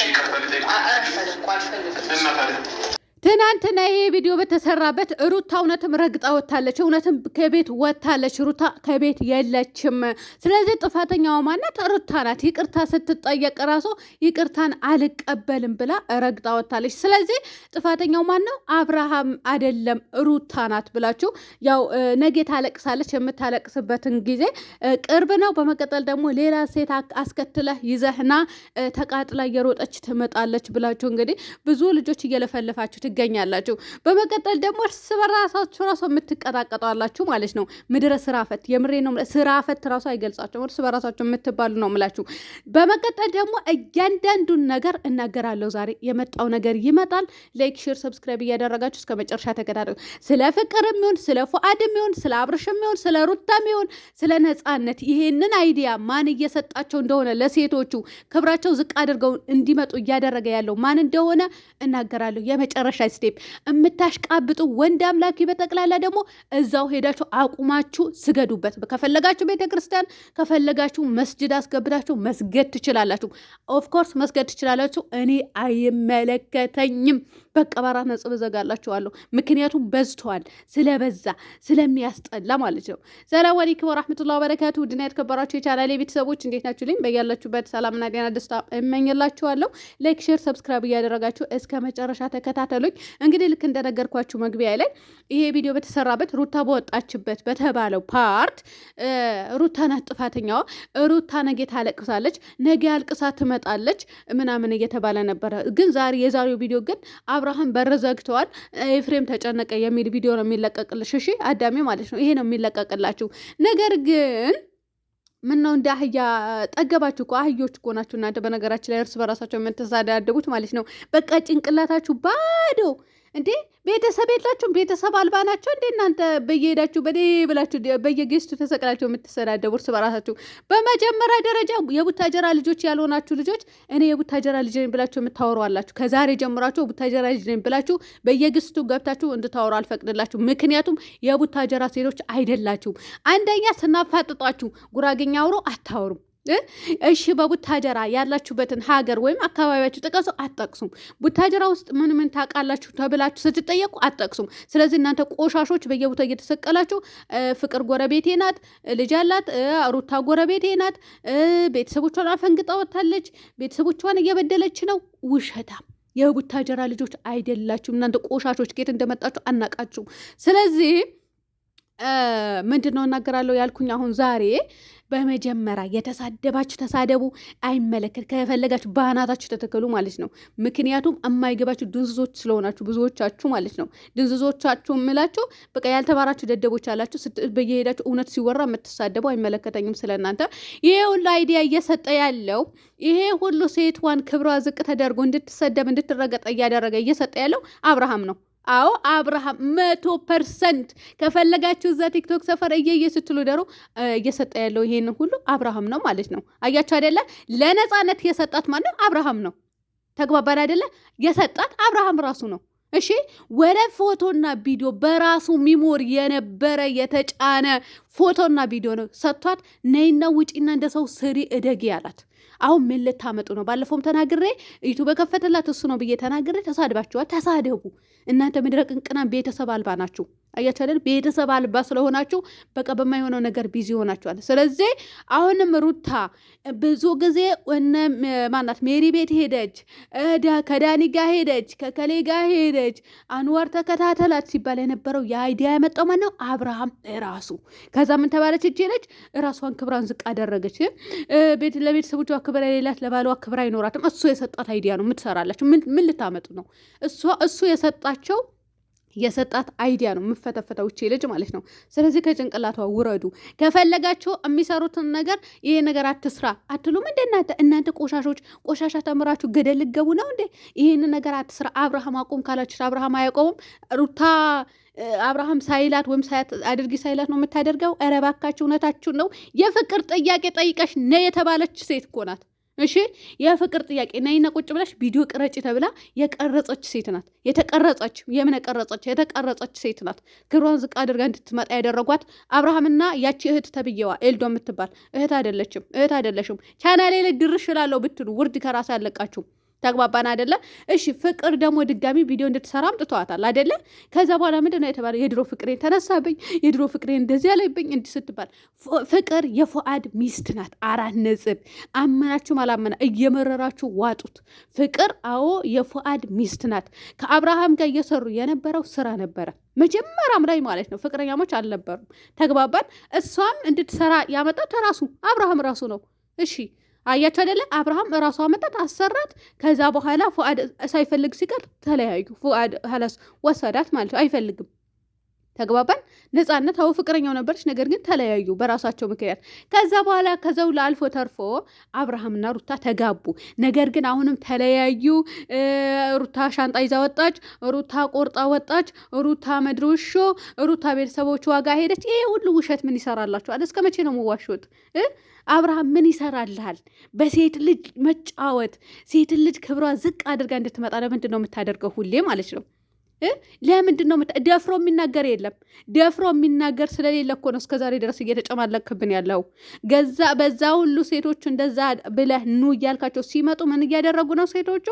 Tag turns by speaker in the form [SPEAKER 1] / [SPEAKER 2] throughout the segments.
[SPEAKER 1] አልፈልግም ትናንትና ይሄ ቪዲዮ በተሰራበት ሩታ እውነትም ረግጣ ወታለች፣ እውነትም ከቤት ወታለች። ሩታ ከቤት የለችም። ስለዚህ ጥፋተኛው ማናት? ሩታ ናት። ይቅርታ ስትጠየቅ ራሱ ይቅርታን አልቀበልም ብላ ረግጣ ወታለች። ስለዚህ ጥፋተኛው ማን ነው? አብርሃም አይደለም ሩታ ናት ብላችሁ ያው ነገ ታለቅሳለች። የምታለቅስበትን ጊዜ ቅርብ ነው። በመቀጠል ደግሞ ሌላ ሴት አስከትለህ ይዘህና ተቃጥላ እየሮጠች ትመጣለች ብላችሁ እንግዲህ ብዙ ልጆች እየለፈለፋችሁ ትገኛለች። ትችላላችሁ። በመቀጠል ደግሞ እርስ በራሳችሁ ራሱ የምትቀጣቀጡ ማለት ነው። ምድረ ስራፈት የምሬ ነው። ስራፈት ራሱ አይገልጻቸው እርስ በራሳችሁ የምትባሉ ነው ምላችሁ። በመቀጠል ደግሞ እያንዳንዱን ነገር እናገራለሁ። ዛሬ የመጣው ነገር ይመጣል። ላይክ፣ ሼር፣ ሰብስክራይብ እያደረጋችሁ እስከ መጨረሻ ተከታተሉ። ስለ ፍቅር የሚሆን ስለ ፉአድ የሚሆን ስለ አብርሽ የሚሆን ስለ ሩታ የሚሆን ስለ ነጻነት ይሄንን አይዲያ ማን እየሰጣቸው እንደሆነ ለሴቶቹ ክብራቸው ዝቅ አድርገው እንዲመጡ እያደረገ ያለው ማን እንደሆነ እናገራለሁ። የመጨረሻ ስቴፕ የምታሽቃብጡ ወንድ አምላኪ በጠቅላላ ደግሞ እዛው ሄዳችሁ አቁማችሁ ስገዱበት። ከፈለጋችሁ ቤተ ክርስቲያን፣ ከፈለጋችሁ መስጅድ አስገብታችሁ መስገድ ትችላላችሁ። ኦፍኮርስ መስገድ ትችላላችሁ። እኔ አይመለከተኝም። በቃ በአራት ነጥብ እዘጋላችኋለሁ። ምክንያቱም በዝተዋል፣ ስለበዛ ስለሚያስጠላ ማለት ነው። ሰላም አለይኩም ወራህመቱላ ወበረካቱ። ውድና የተከበራችሁ የቻናሌ ቤተሰቦች እንዴት ናችሁ? ልኝ በያላችሁበት ሰላምና ጤና ደስታ እመኝላችኋለሁ። ላይክ፣ ሼር፣ ሰብስክራይብ እያደረጋችሁ እስከ መጨረሻ ተከታተሉኝ። እንግዲህ ልክ እንደነገርኳችሁ መግቢያ ላይ ይሄ ቪዲዮ በተሰራበት ሩታ በወጣችበት በተባለው ፓርት ሩታ ናት ጥፋተኛዋ፣ ሩታ ነገ ታለቅሳለች፣ ነገ አልቅሳ ትመጣለች ምናምን እየተባለ ነበረ። ግን ዛሬ የዛሬው ቪዲዮ ግን አብረ አብርሃም በረዘግተዋል ኤፍሬም ተጨነቀ የሚል ቪዲዮ ነው የሚለቀቅልሽ። እሺ አዳሜ ማለት ነው ይሄ ነው የሚለቀቅላችሁ ነገር ግን ምን ነው እንደ አህያ ጠገባችሁ እኮ አህዮች እኮ ናችሁ እናንተ። በነገራችን ላይ እርስ በራሳቸው የምትሳዳደቡት ማለት ነው። በቃ ጭንቅላታችሁ ባዶ እንዴ ቤተሰብ የላችሁም? ቤተሰብ አልባ ናቸው እንዴ እናንተ? በየሄዳችሁ በ ብላችሁ በየጌስቱ ተሰቅላችሁ የምትሰዳደቡ እርስ በራሳችሁ። በመጀመሪያ ደረጃ የቡታጀራ ልጆች ያልሆናችሁ ልጆች እኔ የቡታጀራ ልጅ ነኝ ብላችሁ የምታወሩ አላችሁ። ከዛሬ ጀምራችሁ ቡታጀራ ልጅ ነኝ ብላችሁ በየግስቱ ገብታችሁ እንድታወሩ አልፈቅድላችሁ። ምክንያቱም የቡታጀራ ሴቶች አይደላችሁም። አንደኛ ስናፋጥጧችሁ ጉራግኛ አውሮ አታወሩም። እሺ በቡታጀራ ያላችሁበትን ሀገር ወይም አካባቢያችሁ ጥቀሱ። አትጠቅሱም። ቡታጀራ ውስጥ ምን ምን ታውቃላችሁ ተብላችሁ ስትጠየቁ አትጠቅሱም። ስለዚህ እናንተ ቆሻሾች በየቦታ እየተሰቀላችሁ ፍቅር ጎረቤቴ ናት፣ ልጅ አላት፣ ሩታ ጎረቤቴ ናት፣ ቤተሰቦቿን አፈንግጣ ወታለች፣ ቤተሰቦቿን እየበደለች ነው። ውሸታ የቡታጀራ ልጆች አይደላችሁም እናንተ ቆሻሾች። ጌት እንደመጣችሁ አናቃችሁም። ስለዚህ ምንድን ነው እናገራለሁ ያልኩኝ አሁን ዛሬ በመጀመሪያ የተሳደባችሁ ተሳደቡ፣ አይመለከት ከፈለጋችሁ ባህናታችሁ ተተከሉ ማለት ነው። ምክንያቱም የማይገባችሁ ድንዝዞች ስለሆናችሁ ብዙዎቻችሁ ማለት ነው። ድንዝዞቻችሁ የምላችሁ በቃ ያልተባራችሁ ደደቦች አላችሁ። በየሄዳችሁ እውነት ሲወራ የምትሳደቡ አይመለከተኝም ስለእናንተ። ይሄ ሁሉ አይዲያ እየሰጠ ያለው ይሄ ሁሉ ሴትዋን ክብሯ ዝቅ ተደርጎ እንድትሰደብ እንድትረገጠ እያደረገ እየሰጠ ያለው አብርሃም ነው። አዎ አብርሃም መቶ ፐርሰንት ከፈለጋችሁ እዛ ቲክቶክ ሰፈር እየየ ስትሉ ደሮ እየሰጠ ያለው ይሄን ሁሉ አብርሃም ነው ማለት ነው። አያችሁ አይደለ? ለነፃነት የሰጣት ማነው? አብርሃም ነው። ተግባባን አይደለ? የሰጣት አብርሃም ራሱ ነው። እሺ ወደ ፎቶና ቪዲዮ በራሱ ሚሞሪ የነበረ የተጫነ ፎቶና ቪዲዮ ነው ሰጥቷት። ነይና ውጪና እንደ ሰው ስሪ እደግ ያላት። አሁን ምን ልታመጡ ነው? ባለፈውም ተናግሬ ዩቱብ ከፈተላት እሱ ነው ብዬ ተናግሬ ተሳድባችኋል። ተሳደቡ እናንተ ምድረ ቅንቅናን ቤተሰብ አልባ ናችሁ። አያችሁ አይደል? ቤተሰብ አልባ ስለሆናችሁ በቃ በማይሆነው ነገር ቢዚ ሆናችኋል። ስለዚህ አሁንም ሩታ ብዙ ጊዜ እነ ማናት ሜሪ ቤት ሄደች፣ ከዳኒ ጋር ሄደች፣ ከከሌ ጋር ሄደች፣ አንዋር ተከታተላት ሲባል የነበረው የአይዲያ የመጣው ማነው? አብርሃም ራሱ። ከዛ ምን ተባለች? እጅ ሄደች፣ ራሷን ክብራን ዝቅ አደረገች። ቤት ለቤተሰቦቿ ክብር የሌላት ለባሏ ክብር አይኖራትም። እሱ የሰጣት አይዲያ ነው። የምትሰራላችሁ ምን ልታመጡ ነው? እሱ የሰጣቸው የሰጣት አይዲያ ነው የምፈተፈተው እቺ ልጅ ማለት ነው። ስለዚህ ከጭንቅላቷ ውረዱ። ከፈለጋችሁ የሚሰሩትን ነገር ይሄ ነገር አትስራ አትሉም እንደ እናንተ እናንተ ቆሻሾች ቆሻሻ ተምራችሁ ገደል ልገቡ ነው እንዴ? ይህን ነገር አትስራ አብርሃም አቁም ካላችሁ አብርሃም አያቆምም። ሩታ አብርሃም ሳይላት ወይም አድርጊ ሳይላት ነው የምታደርገው። ኧረ እባካችሁ እውነታችሁን ነው። የፍቅር ጥያቄ ጠይቀሽ ነ የተባለች ሴት እኮ ናት። እሺ የፍቅር ጥያቄ ነይና ቁጭ ብለሽ ቪዲዮ ቅረጭ ተብላ የቀረጸች ሴት ናት። የተቀረጸች የምን ቀረጸች? የተቀረጸች ሴት ናት። ክብሯን ዝቅ አድርጋ እንድትመጣ ያደረጓት አብርሃምና ያቺ እህት ተብዬዋ ኤልዶ የምትባል እህት አይደለችም። እህት አይደለሽም። ቻናሌ ላይ ድርሽ እላለሁ ብትሉ ውርድ ከራስ አለቃችሁ። ተግባባን አደለ? እሺ ፍቅር ደግሞ ድጋሚ ቪዲዮ እንድትሰራ አምጥተዋታል አደለ? ከዛ በኋላ ምንድን ነው የተባለ? የድሮ ፍቅሬን ተነሳብኝ፣ የድሮ ፍቅሬን እንደዚህ ያለብኝ እንዲህ ስትባል፣ ፍቅር የፉአድ ሚስት ናት። አራት ነጥብ። አመናችሁም አላመና እየመረራችሁ ዋጡት። ፍቅር አዎ የፉአድ ሚስት ናት። ከአብርሃም ጋር እየሰሩ የነበረው ስራ ነበረ መጀመሪያም ላይ ማለት ነው። ፍቅረኛሞች አልነበሩም። ተግባባን። እሷም እንድትሰራ ያመጣት ራሱ አብርሃም ራሱ ነው። እሺ አያቸው አይደለ? አብርሃም እራሱ አመጣት አሰራት። ከዛ በኋላ ፉአድ ሳይፈልግ ሲቀር ተለያዩ። ፉአድ ሀላስ ወሰዳት ማለት ነው። አይፈልግም ተግባባን። ነፃነት አዎ ፍቅረኛው ነበረች፣ ነገር ግን ተለያዩ በራሳቸው ምክንያት። ከዛ በኋላ ከዘው ለአልፎ ተርፎ አብርሃምና ሩታ ተጋቡ። ነገር ግን አሁንም ተለያዩ። ሩታ ሻንጣ ይዛ ወጣች፣ ሩታ ቆርጣ ወጣች፣ ሩታ መድሮሾ፣ ሩታ ቤተሰቦች ዋጋ ሄደች። ይሄ ሁሉ ውሸት ምን ይሰራላችኋል? እስከ መቼ ነው የምዋሹት? አብርሃም ምን ይሰራልሃል? በሴት ልጅ መጫወት፣ ሴት ልጅ ክብሯ ዝቅ አድርጋ እንድትመጣ ለምንድን ነው የምታደርገው ሁሌ ማለት ነው? ለምንድን ነው ደፍሮ የሚናገር የለም። ደፍሮ የሚናገር ስለሌለ እኮ ነው እስከዛሬ ድረስ እየተጨማለክብን ያለው። ገዛ በዛ ሁሉ ሴቶቹ እንደዛ ብለህ ኑ እያልካቸው ሲመጡ ምን እያደረጉ ነው ሴቶቹ?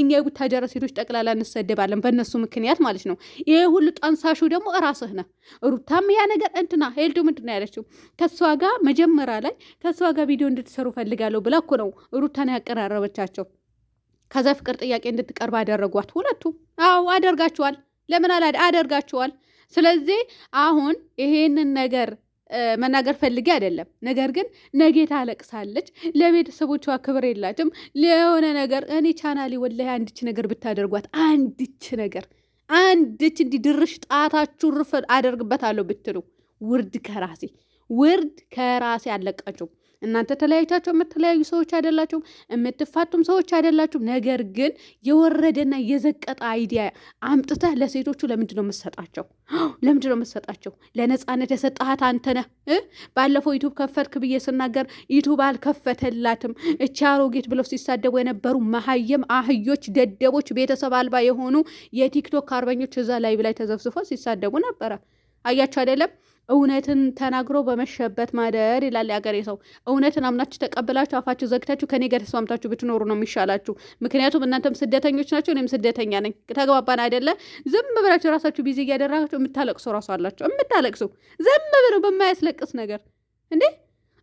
[SPEAKER 1] እኛ የቡታጀራ ሴቶች ጠቅላላ እንሰደባለን በእነሱ ምክንያት ማለት ነው። ይሄ ሁሉ ጠንሳሹ ደግሞ እራስህ ነህ። ሩታም ያ ነገር እንትና ሄልዱ ምንድን ነው ያለችው? ከእሷ ጋር መጀመሪያ ላይ ከእሷ ጋር ቪዲዮ እንድትሰሩ ፈልጋለሁ ብላ እኮ ነው ሩታን ያቀራረበቻቸው። ከዛ ፍቅር ጥያቄ እንድትቀርብ አደረጓት። ሁለቱ አዎ አደርጋችኋል። ለምን አላ አደርጋችኋል። ስለዚህ አሁን ይሄንን ነገር መናገር ፈልጌ አይደለም። ነገር ግን ነገ ታለቅሳለች፣ ለቤተሰቦቿ ክብር የላትም። ለሆነ ነገር እኔ ቻናሌ ወላሂ አንድች ነገር ብታደርጓት አንድች ነገር አንድች እንዲድርሽ ጣታችሁ ርፍ አደርግበታለሁ ብትሉ ውርድ ከራሴ ውርድ ከራሴ አለቃችሁ። እናንተ ተለያይታችሁ የምትለያዩ ሰዎች አይደላችሁም፣ የምትፋቱም ሰዎች አይደላችሁም። ነገር ግን የወረደና የዘቀጠ አይዲያ አምጥተህ ለሴቶቹ ለምንድን ነው የምትሰጣቸው? ለምንድን ነው የምትሰጣቸው? ለነፃነት የሰጠሃት አንተ ነህ። ባለፈው ዩቱብ ከፈትክ ብዬ ስናገር ዩቱብ አልከፈተላትም እቺ አሮጌት ብለው ሲሳደቡ የነበሩ መሀየም አህዮች፣ ደደቦች፣ ቤተሰብ አልባ የሆኑ የቲክቶክ አርበኞች እዛ ላይ ብላይ ተዘፍዝፎ ሲሳደቡ ነበረ። አያችሁ አይደለም? እውነትን ተናግሮ በመሸበት ማደር ይላል ያገሬ ሰው። እውነትን አምናችሁ ተቀብላችሁ አፋችሁ ዘግታችሁ ከኔ ጋር ተስማምታችሁ ብትኖሩ ነው የሚሻላችሁ። ምክንያቱም እናንተም ስደተኞች ናቸው፣ እኔም ስደተኛ ነኝ። ተግባባን አይደለ? ዝም ብላችሁ ራሳችሁ ቢዚ እያደረጋችሁ የምታለቅሱ ራሱ አላቸው። የምታለቅሱ ዝም ብለው በማያስለቅስ ነገር እንዴ!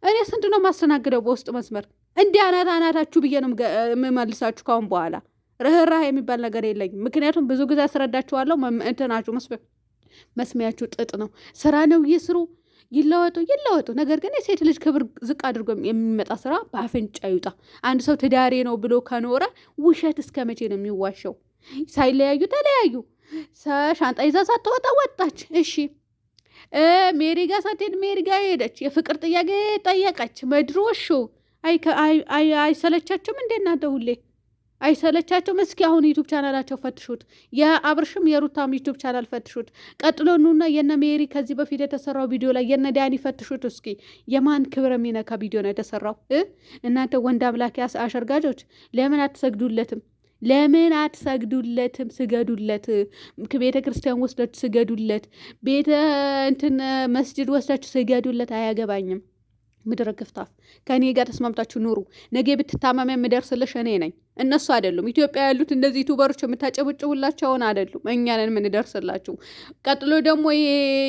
[SPEAKER 1] እኔ ስንት ነው የማስተናግደው በውስጥ መስመር? እንዲህ አናት አናታችሁ ብዬ ነው የምመልሳችሁ ካሁን በኋላ ርህራህ የሚባል ነገር የለኝም። ምክንያቱም ብዙ ጊዜ አስረዳችኋለሁ። እንትናችሁ መስፈ መስሚያችሁ ጥጥ ነው። ስራ ነው ይስሩ፣ ይለወጡ ይለወጡ። ነገር ግን የሴት ልጅ ክብር ዝቅ አድርጎ የሚመጣ ስራ በአፍንጫ ይውጣ። አንድ ሰው ትዳሬ ነው ብሎ ከኖረ ውሸት እስከ መቼ ነው የሚዋሸው? ሳይለያዩ ተለያዩ። ሻንጣ ይዛ ሳትወጣ ወጣች። እሺ ሜሪጋ ሳትሄድ ሜሪጋ ሄደች። የፍቅር ጥያቄ ጠየቀች። መድሮ ሾው አይሰለቻችሁም? እንዴት እናንተ ሁሌ አይሰለቻቸውም? እስኪ አሁን ዩቱብ ቻናላቸው ፈትሹት። የአብርሽም የሩታም ዩቱብ ቻናል ፈትሹት። ቀጥሎ ኑና የነ ሜሪ ከዚህ በፊት የተሰራው ቪዲዮ ላይ የነ ዳኒ ፈትሹት። እስኪ የማን ክብር የሚነካ ቪዲዮ ነው የተሰራው? እናንተ ወንድ አምላኪ አሸርጋጆች ለምን አትሰግዱለትም? ለምን አትሰግዱለትም? ስገዱለት። ቤተ ክርስቲያን ወስዳችሁ ስገዱለት። ቤተ እንትን መስጅድ ወስዳችሁ ስገዱለት። አያገባኝም። ምድረ ግፍታፍ ከእኔ ጋር ተስማምታችሁ ኑሩ። ነገ ብትታመሚ የምደርስልሽ እኔ ነኝ፣ እነሱ አይደሉም። ኢትዮጵያ ያሉት እንደዚህ ዩቱበሮች የምታጨብጭቡላቸውን አይደሉም፣ እኛ ነን የምንደርስላችሁ። ቀጥሎ ደግሞ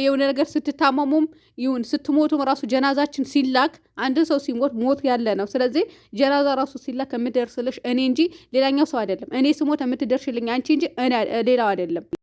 [SPEAKER 1] የሆነ ነገር ስትታመሙም ይሁን ስትሞቱም ራሱ ጀናዛችን ሲላክ አንድ ሰው ሲሞት ሞት ያለ ነው። ስለዚህ ጀናዛ ራሱ ሲላክ የምደርስልሽ እኔ እንጂ ሌላኛው ሰው አይደለም። እኔ ስሞት የምትደርሽልኝ አንቺ እንጂ ሌላው አይደለም።